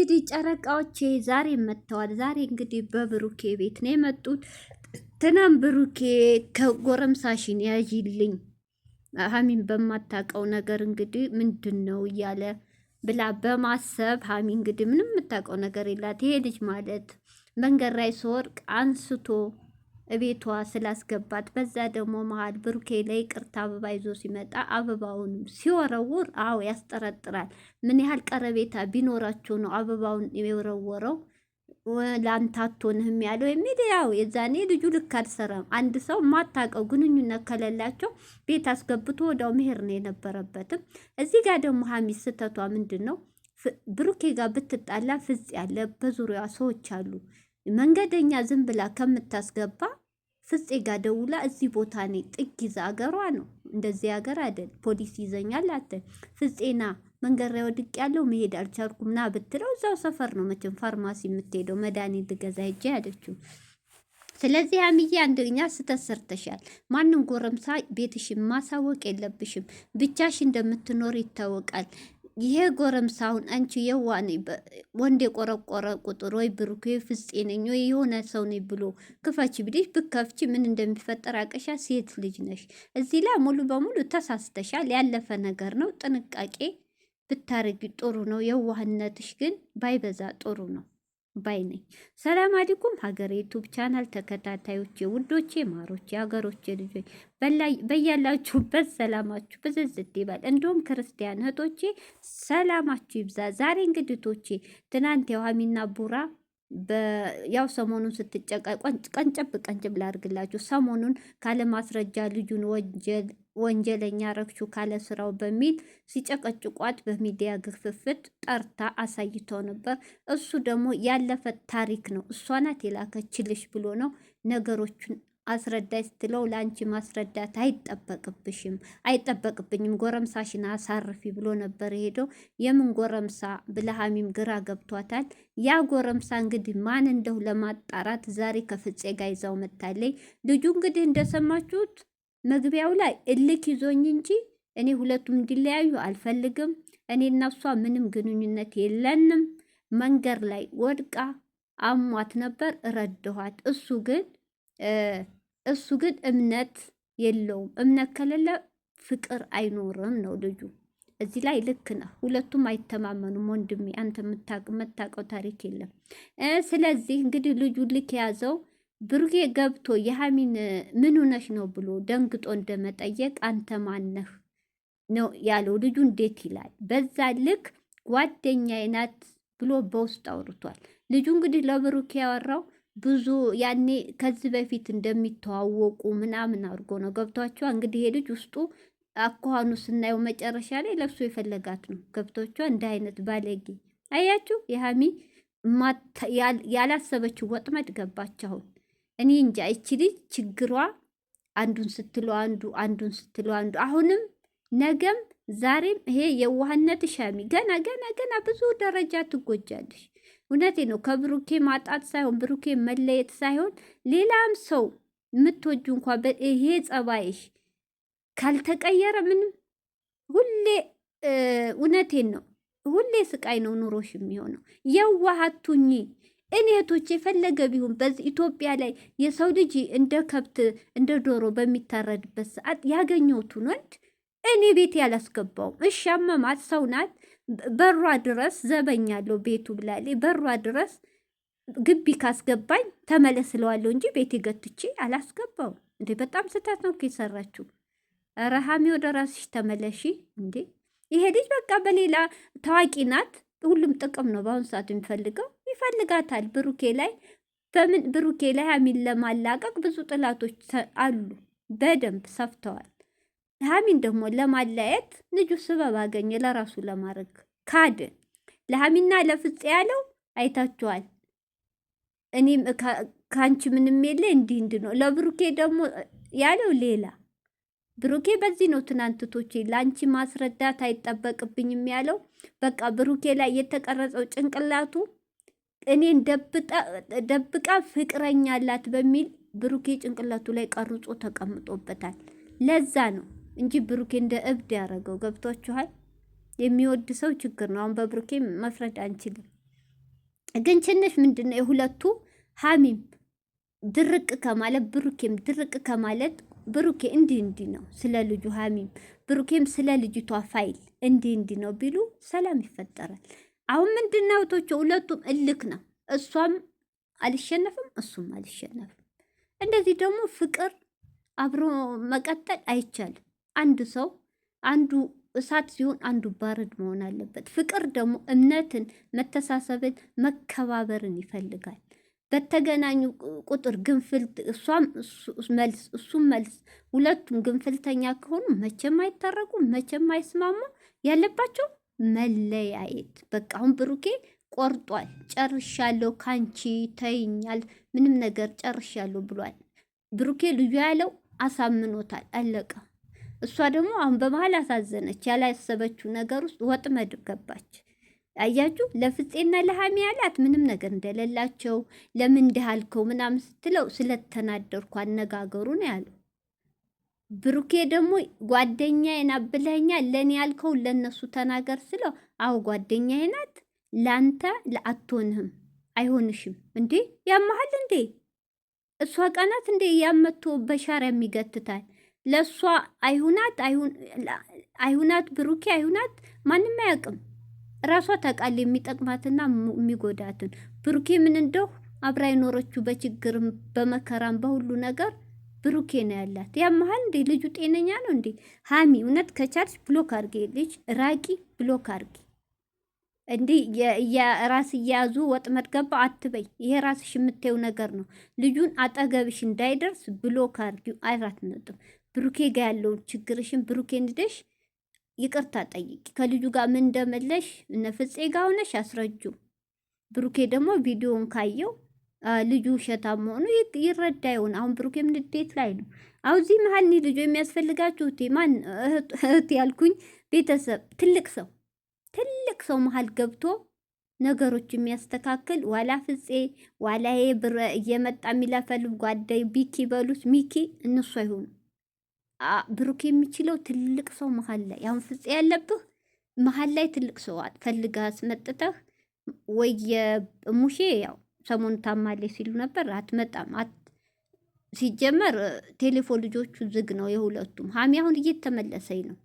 እንግዲህ ጨረቃዎቼ ዛሬ መጥተዋል። ዛሬ እንግዲህ በብሩኬ ቤት ነው የመጡት። ትናም ብሩኬ ከጎረምሳሽን ያዥልኝ ሀሚን በማታውቀው ነገር እንግዲህ ምንድን ነው እያለ ብላ በማሰብ ሀሚ እንግዲህ ምንም የምታውቀው ነገር የላት ይሄ ልጅ ማለት መንገድ ላይ ስወርቅ አንስቶ ቤቷ ስላስገባት በዛ ደግሞ መሀል ብሩኬ ላይ ቅርታ አበባ ይዞ ሲመጣ አበባውን ሲወረውር፣ አዎ ያስጠረጥራል። ምን ያህል ቀረቤታ ቢኖራቸው ነው አበባውን የወረወረው? ለአንተ ያለው የሚል ያው የዛኔ ልጁ ልክ አልሰራም። አንድ ሰው ማታቀው ግንኙነት ከሌላቸው ቤት አስገብቶ ወዳው መሄድ ነው የነበረበትም። እዚህ ጋር ደግሞ ሀሚ ስተቷ ምንድን ነው? ብሩኬ ጋር ብትጣላ ፍጽ ያለ በዙሪያ ሰዎች አሉ። መንገደኛ ዝም ብላ ከምታስገባ ፍፄ ጋ ደውላ እዚህ ቦታ ነኝ ጥግ ይዛ አገሯ ነው እንደዚህ ሀገር አይደል ፖሊስ ይዘኛል አትል። ፍፄና መንገድ ላይ ወድቅ ያለው መሄድ አልቻልኩም ና ብትለው እዛው ሰፈር ነው መቼም ፋርማሲ የምትሄደው መድኃኒት ልገዛ ሄጄ አለችው። ስለዚህ አምዬ አንደኛ ስተት ሰርተሻል። ማንም ጎረምሳ ቤትሽን ማሳወቅ የለብሽም ብቻሽ እንደምትኖር ይታወቃል። ይሄ ጎረምሳውን አንቺ የዋ ወንድ የቆረቆረ ቁጥር ወይ ብሩክ ፍፄ ነኝ ወይ የሆነ ሰው ነኝ ብሎ ክፈች ብዲሽ ብከፍች ምን እንደሚፈጠር አቀሻ። ሴት ልጅ ነሽ። እዚህ ላይ ሙሉ በሙሉ ተሳስተሻል። ያለፈ ነገር ነው። ጥንቃቄ ብታረጊ ጥሩ ነው። የዋህነትሽ ግን ባይበዛ ጥሩ ነው። ባይ ነኝ። ሰላም አለይኩም ሀገሬ ዩቱብ ቻናል ተከታታዮቼ፣ ውዶቼ፣ ማሮቼ፣ ሀገሮቼ ልጆች በያላችሁበት ሰላማችሁ ብዝዝት ይበል። እንዲሁም ክርስቲያን እህቶቼ ሰላማችሁ ይብዛ። ዛሬ እንግዲህ እህቶቼ ትናንት የዋሚና ቡራ ያው ሰሞኑን ስትጨቃ ቀንጭብ ቀንጭብ ላርግላችሁ ሰሞኑን ካለማስረጃ ልጁን ወንጀል ወንጀለኛ ረግቹ ካለ ስራው በሚል ሲጨቀጭቋት በሚዲያ ግፍፍት ጠርታ አሳይተው ነበር። እሱ ደግሞ ያለፈ ታሪክ ነው፣ እሷ ናት የላከችልሽ ብሎ ነው ነገሮቹን አስረዳይ ስትለው ለአንቺ ማስረዳት አይጠበቅብሽም አይጠበቅብኝም ጎረምሳሽን አሳርፊ ብሎ ነበር የሄደው። የምን ጎረምሳ ብለሃሚም ግራ ገብቷታል። ያ ጎረምሳ እንግዲህ ማን እንደው ለማጣራት ዛሬ ከፍፄ ጋር ይዛው መታለይ ልጁ እንግዲህ እንደሰማችሁት መግቢያው ላይ እልክ ይዞኝ እንጂ እኔ ሁለቱም እንዲለያዩ አልፈልግም። እኔ እና እሷ ምንም ግንኙነት የለንም። መንገድ ላይ ወድቃ አሟት ነበር፣ ረድኋት። እሱ ግን እሱ ግን እምነት የለውም። እምነት ከሌለ ፍቅር አይኖርም ነው ልጁ። እዚህ ላይ ልክ ነህ። ሁለቱም አይተማመኑም። ወንድሜ አንተ የምታውቀው ታሪክ የለም። ስለዚህ እንግዲህ ልጁ ልክ የያዘው ብሩጌ ገብቶ የሀሚን ምን ነሽ ነው ብሎ ደንግጦ እንደመጠየቅ አንተ ማነህ ነው ያለው። ልጁ እንዴት ይላል። በዛ ልክ ጓደኛዬ ናት ብሎ በውስጥ አውርቷል። ልጁ እንግዲህ ለብሩኬ ያወራው ብዙ ያኔ ከዚህ በፊት እንደሚተዋወቁ ምናምን አድርጎ ነው። ገብቷቸዋ እንግዲህ የልጅ ውስጡ አኳኋኑ ስናየው መጨረሻ ላይ ለብሶ የፈለጋት ነው። ገብቶቿ እንደ አይነት ባለጌ አያችሁ፣ የሀሚ ያላሰበችው ወጥመድ ገባች አሁን እኔ እንጃ ይቺ ልጅ ችግሯ አንዱን ስትሉ አንዱ አንዱን ስትሉ አንዱ አሁንም ነገም ዛሬም ይሄ የዋህነት ሻሚ ገና ገና ገና ብዙ ደረጃ ትጎጃለሽ። እውነቴ ነው። ከብሩኬ ማጣት ሳይሆን ብሩኬ መለየት ሳይሆን ሌላም ሰው የምትወጁ እንኳ ይሄ ጸባይሽ ካልተቀየረ ምንም ሁሌ እውነቴን ነው። ሁሌ ስቃይ ነው ኑሮሽ የሚሆነው የዋሃቱኝ እኔ እህቶቼ የፈለገ ቢሆን በዚህ ኢትዮጵያ ላይ የሰው ልጅ እንደ ከብት እንደ ዶሮ በሚታረድበት ሰዓት ያገኘሁትን ወንድ እኔ ቤት ያላስገባውም። እሻመማት ሰው ናት። በሯ ድረስ አለው ቤቱ ብላ በሯ ድረስ ግቢ ካስገባኝ ተመለስለዋለሁ እንጂ ቤት ገትቼ አላስገባውም። እንዴ በጣም ስህተት ነው የሰራችው። ረሃሚ ወደ ራስሽ ተመለሺ። እንዴ ይሄ ልጅ በቃ በሌላ ታዋቂ ናት። ሁሉም ጥቅም ነው በአሁኑ ሰዓት የሚፈልገው ይፈልጋታል። ብሩኬ ላይ በምን ብሩኬ ላይ ሀሚን ለማላቀቅ ብዙ ጥላቶች አሉ፣ በደንብ ሰፍተዋል። ሀሚን ደግሞ ለማለየት ልጁ ስበብ አገኘ ለራሱ ለማድረግ ካድ ለሀሚና ለፍጽ ያለው አይታችኋል። እኔም ከአንቺ ምንም የለ እንዲህ እንዲህ ነው። ለብሩኬ ደግሞ ያለው ሌላ ብሩኬ በዚህ ነው ትናንትቶቼ ለአንቺ ማስረዳት አይጠበቅብኝም ያለው። በቃ ብሩኬ ላይ የተቀረጸው ጭንቅላቱ እኔን ደብቃ ፍቅረኛ አላት በሚል ብሩኬ ጭንቅላቱ ላይ ቀርጾ ተቀምጦበታል። ለዛ ነው እንጂ ብሩኬ እንደ እብድ ያደረገው ገብቷችኋል። የሚወድ ሰው ችግር ነው። አሁን በብሩኬ መፍረድ አንችልም፣ ግን ትንሽ ምንድን ነው የሁለቱ ሀሚም ድርቅ ከማለት ብሩኬም ድርቅ ከማለት ብሩኬ እንዲህ እንዲህ ነው ስለ ልጁ ሀሚም ብሩኬም ስለ ልጅቷ ፋይል እንዲህ እንዲህ ነው ቢሉ ሰላም ይፈጠራል። አሁን ምንድን እህቶች ሁለቱም እልክ ነው። እሷም አልሸነፍም፣ እሱም አልሸነፍም። እንደዚህ ደግሞ ፍቅር አብሮ መቀጠል አይቻልም። አንድ ሰው አንዱ እሳት ሲሆን አንዱ ባረድ መሆን አለበት። ፍቅር ደግሞ እምነትን፣ መተሳሰብን፣ መከባበርን ይፈልጋል። በተገናኙ ቁጥር ግንፍልት እሷም መልስ እሱም መልስ፣ ሁለቱም ግንፍልተኛ ከሆኑ መቼም አይታረቁም፣ መቼም አይስማሙ ያለባቸው መለያየት። በቃ አሁን ብሩኬ ቆርጧል። ጨርሻለሁ፣ ካንቺ ተይኛል፣ ምንም ነገር ጨርሻለሁ ብሏል። ብሩኬ ልዩ ያለው አሳምኖታል። አለቀ። እሷ ደግሞ አሁን በመሀል አሳዘነች። ያላሰበችው ነገር ውስጥ ወጥመድ ገባች። አያችሁ ለፍፄና ለሀሚ ያላት ምንም ነገር እንደሌላቸው ለምን እንዳልከው ምናምን ስትለው ስለተናደርኩ አነጋገሩ ነው ያለው። ብሩኬ ደግሞ ጓደኛዬ ናት ለኔ ለእኔ ያልከው ለእነሱ ተናገር ስለው አዎ ጓደኛዬ ናት፣ ለአንተ ለአትሆንህም፣ አይሆንሽም። እንዴ ያመሃል እንዴ እሷ ቀናት እንዴ ያመቶ በሻሪያ የሚገትታል ለእሷ አይሁናት አይሁናት፣ ብሩኬ አይሁናት፣ ማንም አያውቅም። ራሷ ተቃል የሚጠቅማትና የሚጎዳትን። ብሩኬ ምን እንደው አብራ የኖረችው በችግርም በመከራም በሁሉ ነገር ብሩኬ ነው ያላት። ያመሃል እንዴ ልጁ ጤነኛ ነው እንዴ? ሀሚ እውነት ከቻልሽ ብሎክ አርጌ ልጅ ራቂ፣ ብሎክ አርጌ እንዴ የራስ እያያዙ ወጥመድ ገባ አትበይ። ይሄ ራስሽ የምታየው ነገር ነው። ልጁን አጠገብሽ እንዳይደርስ ብሎክ አርጊው። አይራት ነጥብ ብሩኬ ጋ ያለውን ችግርሽን ብሩኬ እንድደሽ ይቅርታ ጠይቂ። ከልጁ ጋር ምን እንደመለሽ እነ ፍፄ ጋ ሆነሽ አስረጁ። ብሩኬ ደግሞ ቪዲዮውን ካየው ልጁ ውሸታም መሆኑ ይረዳ ይሆን? አሁን ብሩኬም ንዴት ላይ ነው። አሁን እዚህ መሀል እኔ ልጁ የሚያስፈልጋችሁ እህቴ ማን እህት ያልኩኝ ቤተሰብ ትልቅ ሰው ትልቅ ሰው መሀል ገብቶ ነገሮች የሚያስተካክል ዋላ ፍፄ ዋላ ብር እየመጣ የሚለፈልብ ጓዳይ ቢኪ በሉት ሚኪ እነሱ አይሆኑ። ብሩክ የሚችለው ትልቅ ሰው መሀል ላይ አሁን ፍፄ ያለብህ መሀል ላይ ትልቅ ሰው ፈልጋ አስመጥተህ ወይ ሙሼ ያው ሰሞኑ ታማለች ሲሉ ነበር። አትመጣም ሲጀመር ቴሌፎን ልጆቹ ዝግ ነው የሁለቱም። ሀሚ አሁን እየተመለሰኝ ነው።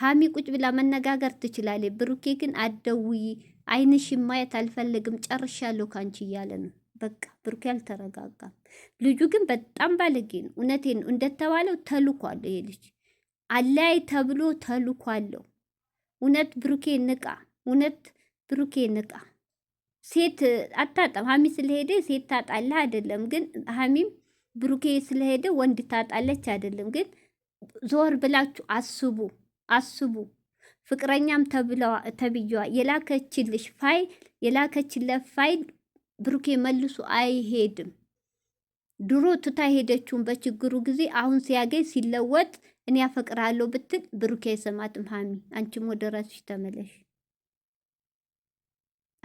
ሀሚ ቁጭ ብላ መነጋገር ትችላለች። ብሩኬ ግን አደውይ፣ አይንሽ ማየት አልፈልግም፣ ጨርሻለሁ ካንቺ እያለ ነው። በቃ ብሩኬ አልተረጋጋም። ልጁ ግን በጣም ባለጌ ነው። እውነቴን ነው እንደተባለው ተልኳለሁ። ይሄ ልጅ አለያይ ተብሎ ተልኳለሁ። እውነት ብሩኬ ንቃ! እውነት ብሩኬ ንቃ! ሴት አታጣም። ሀሚ ስለሄደ ሴት ታጣለህ አይደለም ግን ሀሚም ብሩኬ ስለሄደ ወንድ ታጣለች አይደለም ግን ዞር ብላችሁ አስቡ አስቡ። ፍቅረኛም ተብዬዋ የላከችልሽ ፋይል የላከችለት ፋይል ብሩኬ መልሶ አይሄድም። ድሮ ትታ ሄደችውን በችግሩ ጊዜ አሁን ሲያገኝ ሲለወጥ እኔ ያፈቅራለሁ ብትል ብሩኬ አይሰማትም። ሀሚ አንቺም ወደ ራስሽ ተመለሽ።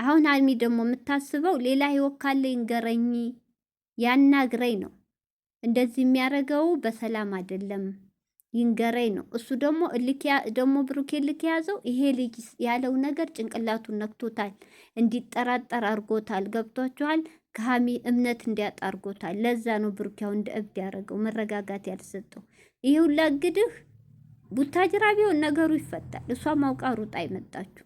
አሁን አልሚ ደግሞ የምታስበው ሌላ ህይወት ካለ ይንገረኝ ያናግረኝ ነው። እንደዚህ የሚያደርገው በሰላም አይደለም ይንገረኝ ነው። እሱ ደግሞ እልኪያ ደግሞ ብሩኬ ልክ ያዘው። ይሄ ልጅ ያለው ነገር ጭንቅላቱን ነክቶታል፣ እንዲጠራጠር አድርጎታል። ገብቷችኋል? ከሀሚ እምነት እንዲያጣ አድርጎታል። ለዛ ነው ብሩኪያው እንደ እብድ ያደረገው፣ መረጋጋት ያልሰጠው። ይህ ሁላ እንግዲህ ቡታጅራ ቢሆን ነገሩ ይፈታል። እሷ አውቃ ሩጣ አይመጣችሁ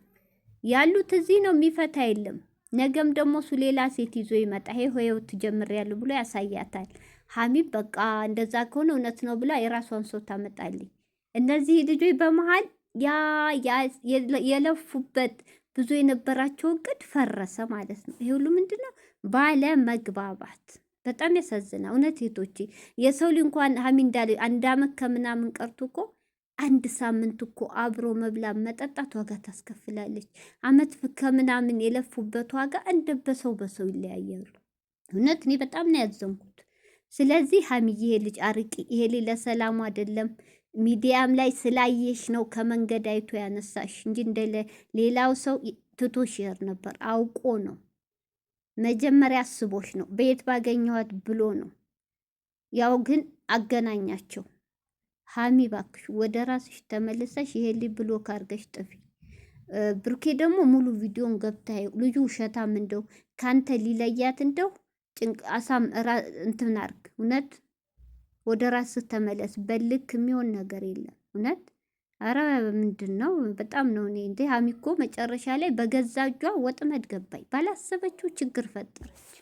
ያሉት እዚህ ነው፣ የሚፈታ የለም። ነገም ደግሞ እሱ ሌላ ሴት ይዞ ይመጣ ይሄ ሆየው ያሉ ብሎ ያሳያታል። ሀሚብ በቃ እንደዛ ከሆነ እውነት ነው ብላ የራሷን ሰው ታመጣልኝ። እነዚህ ልጆች በመሀል ያ የለፉበት ብዙ የነበራቸው እቅድ ፈረሰ ማለት ነው። ይሄ ሁሉ ምንድን ነው? ባለ መግባባት በጣም ያሳዝና። እውነት ሴቶች የሰው ልጅ እንኳን ሀሚ እንዳለ አንድ አመት ከምናምን ቀርቶ እኮ አንድ ሳምንት እኮ አብሮ መብላ መጠጣት ዋጋ ታስከፍላለች። አመት ከምናምን የለፉበት ዋጋ እንደ በሰው በሰው ይለያያሉ። እውነት እኔ በጣም ነው ያዘንኩት። ስለዚህ ሀሚዬ ይሄ ልጅ አርቂ፣ ይሄ ልጅ ለሰላሙ አይደለም። ሚዲያም ላይ ስላየሽ ነው ከመንገድ አይቶ ያነሳሽ እንጂ እንደ ሌላው ሰው ትቶ ይሄድ ነበር። አውቆ ነው መጀመሪያ አስቦሽ ነው። በየት ባገኘዋት ብሎ ነው ያው ግን አገናኛቸው። ሀሚ ባክሽ ወደ ራስሽ ተመልሰሽ ይሄ ልጅ ብሎክ አድርገሽ ጥፊ። ብሩኬ ደግሞ ሙሉ ቪዲዮን ገብታ ልጁ ውሸታም እንደው ካንተ ሊለያት እንደው ጭንቅ አሳም እንትን አርግ። እውነት ወደ ራስ ተመለስ። በልክ የሚሆን ነገር የለም። እውነት አረ ምንድን ነው? በጣም ነው እኔ እንዴ ሀሚ እኮ መጨረሻ ላይ በገዛ እጇ ወጥመድ ገባኝ። ባላሰበችው ችግር ፈጠረች።